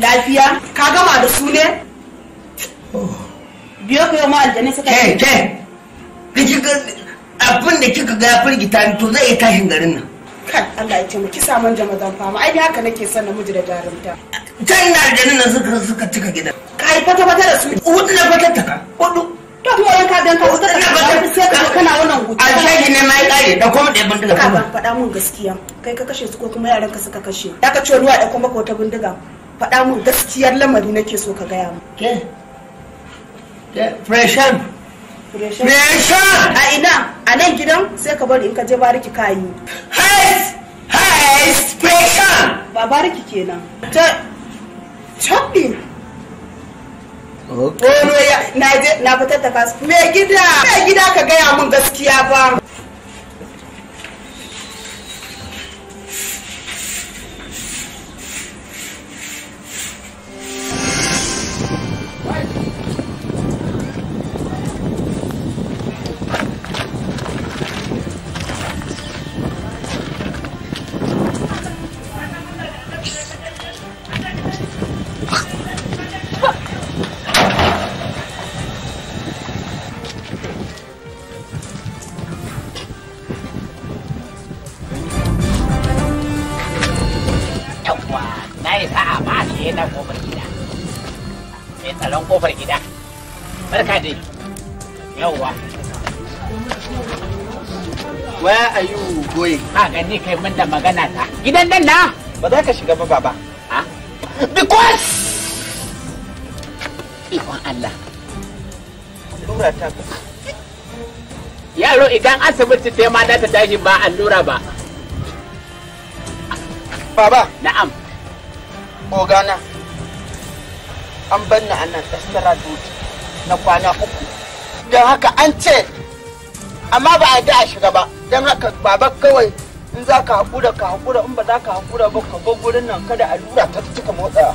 lafiya ka gama da su ne biyo ka yau da aljanai suka yi ke ke abin da kika ga firgita ni to zai iya tashin garin nan kan Allah ya taimaki saman zan fama ai haka nake son namiji da jarumta ta ina aljanin nan suka suka cika gida kai fata fata da su hudu na fata ta hudu to kuma yan ka dan hudu na fata sai ka kana wannan hudu a shege ne mai kare da kuma da bindiga kuma faɗa mun gaskiya kai ka kashe su ko kuma yaran ka suka kashe da ka ce ruwa da kuma ko ta bindiga faɗa mu gaskiyar lamari nake so ka gaya mu ke freshen freshen a ina a nan gidan sai ka bari in ka je bariki kayi Heist! Heist! freshen ba bariki kenan ta Oh, no, ya na fitar da kasu. Me gida, me gida ka gaya mun gaskiya ba. kuwa na yi sa'a ba shi yana kofar gida mai tsaron kofar gida barka dai yawwa where are you going a gani kai mun da magana ta gidan nan na ba za ka shiga ba baba ha because ikon Allah allura ta yaro idan asibiti sai ma za ta tashi ba allura ba baba na'am ogana an banna a nan tsara duty na kwana uku don haka an ce amma ba a da a shiga ba don haka baba kawai in za ka haƙura ka haƙura in ba za ka haƙura ba ka bar gurin nan kada a lura ta cika motsa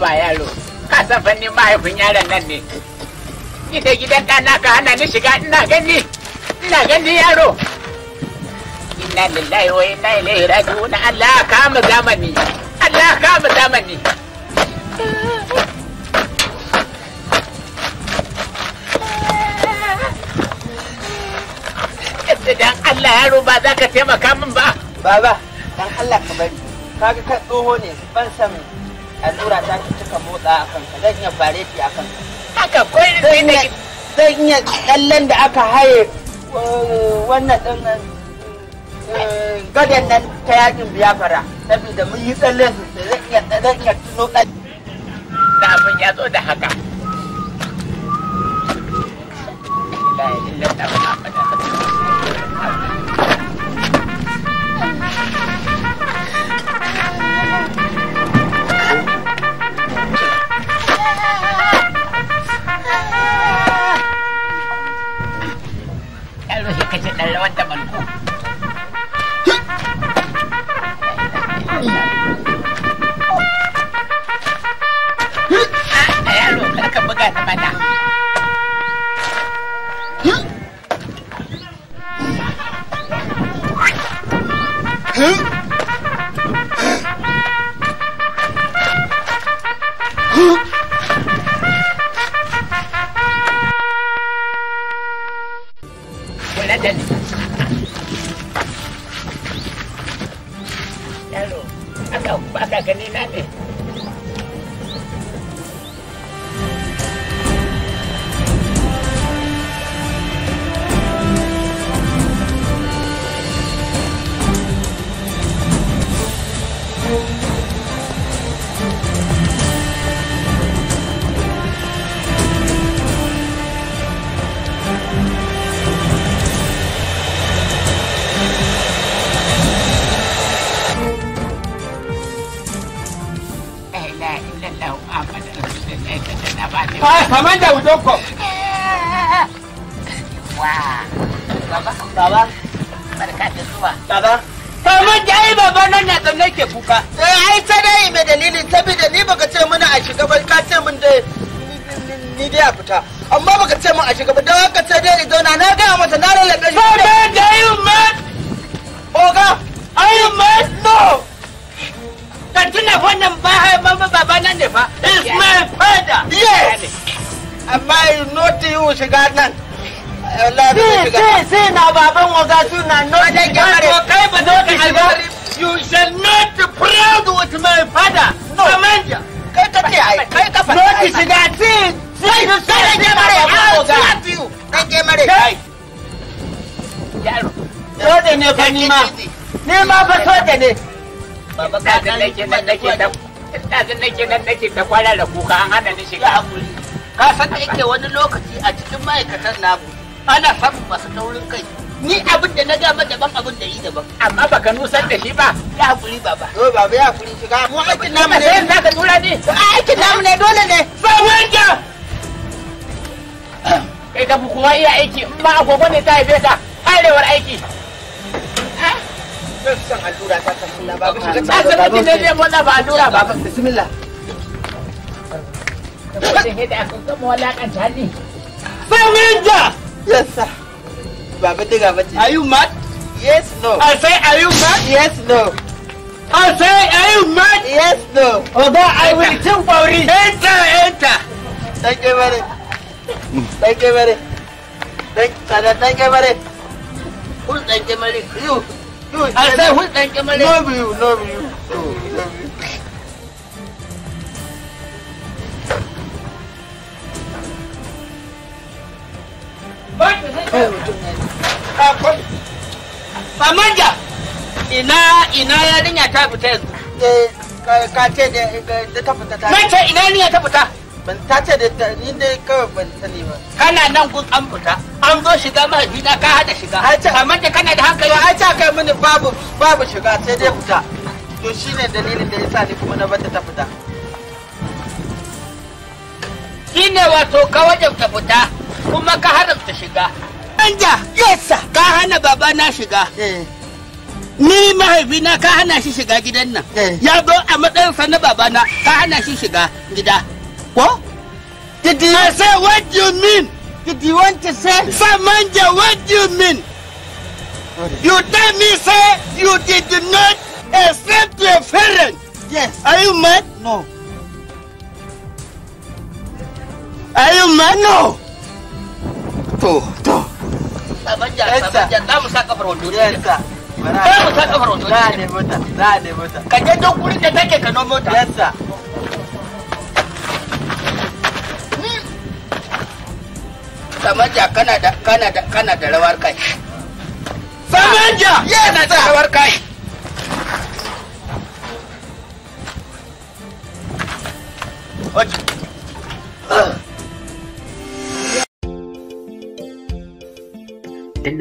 ba yaro ka san fannin mahaifin yaron nan ne da gidan ɗana ka hana ni shiga ina gani ina gani yaro inna lillahi wa inna ilaihi raji'un Allah ka mu zamani Allah kama zamani. Dan Allah yaro ba za ka taimaka min ba. Baba, dan Allah ka bari. Kaga kan tsoho ne ban san allura ta cika motsa a kanka zan iya bareti a kanka. Haka kwai zan iya kallon da aka haye uh, wannan ɗin gadan nan ta yakin biya fara saboda mun yi tsalle su zan iya zan iya tuno kan da abin ya zo da haka. Allah ya La ilaha illallah Gracias. Commander, we don't come. Wow. Baba, Baba. Barka da zuwa. Baba. Kamar da ai baba nan na tsanne ke kuka. Eh ai ta yi me dalilin saboda ni baka ce mana a shiga ba ka ce min da ni dai a fita. Amma baka ce min a shiga ba don haka sai dai zauna na ga Ogasu na not Igare. You shall not proud with my father. No. Kai ka ce ai. Kai ka faɗa. Not shiga sin. Sai da ya oga. Dan ke Kai. Yaro. ne fa ni ma. Ni ma fa soja ne. Baba ka nan nake da ɗazin nake nan nake da kwana da kuka an hada ni shiga hakuri ka san da yake wani lokaci a cikin ma'aikatan namu ana samun masu taurin kai ni abin da na gama daban abin da yi daban amma ba ka nusar da shi ba ya hakuri baba to baba ya hakuri shi ka mu aikin namu ne sai ka tura ne to aikin namu ne dole ne ba wanda kai da kuma iya aiki in ba agogo ne ta haife ka arewar aiki Yes, sir. Are you mad? Yes, no. I say, are you mad? Yes, no. I say, are you mad? Yes, no. Oga, I will tell Fauri. Enter, enter. Thank you very much. Thank you very much. Thank, you. thank you very much. Who's thank you very You. you I say, who's thank you very No, you, no, you. love you. Back to the Samanja! Ina ina yarinya ta fita yanzu. Eh, ka ce da ta fita ta. Mace ina yarinya ta fita. Ban ta ce da ni dai kawai ban sani ba. Kana nan gun an fita. An zo shiga mahaifina ka hada shiga. Amma da kana da hankali. Ba ai ta kai mini babu babu shiga sai dai fita. To shine dalilin da yasa ni kuma na bata ta fita. Shine wato ka wajen ta fita kuma ka haramta shiga. Manja, yes sir ka hana baba na shiga eh. ni na ka hana shi shiga gidan nan eh. ya zo a sa na babana ka hana shi shiga gida ko did you I say what do you mean did you want to say Manja, what do you mean you tell me say you did not accept your parents yes are you mad no are you mad no to to sabanja sabanja za mu sa kafar wando yasa mu sa kafar za a mota za a mota ka je duk wurin da take ka nomo mota yasa samanja kana da kana da kana da rawar kai samanja yana da rawar kai Okay.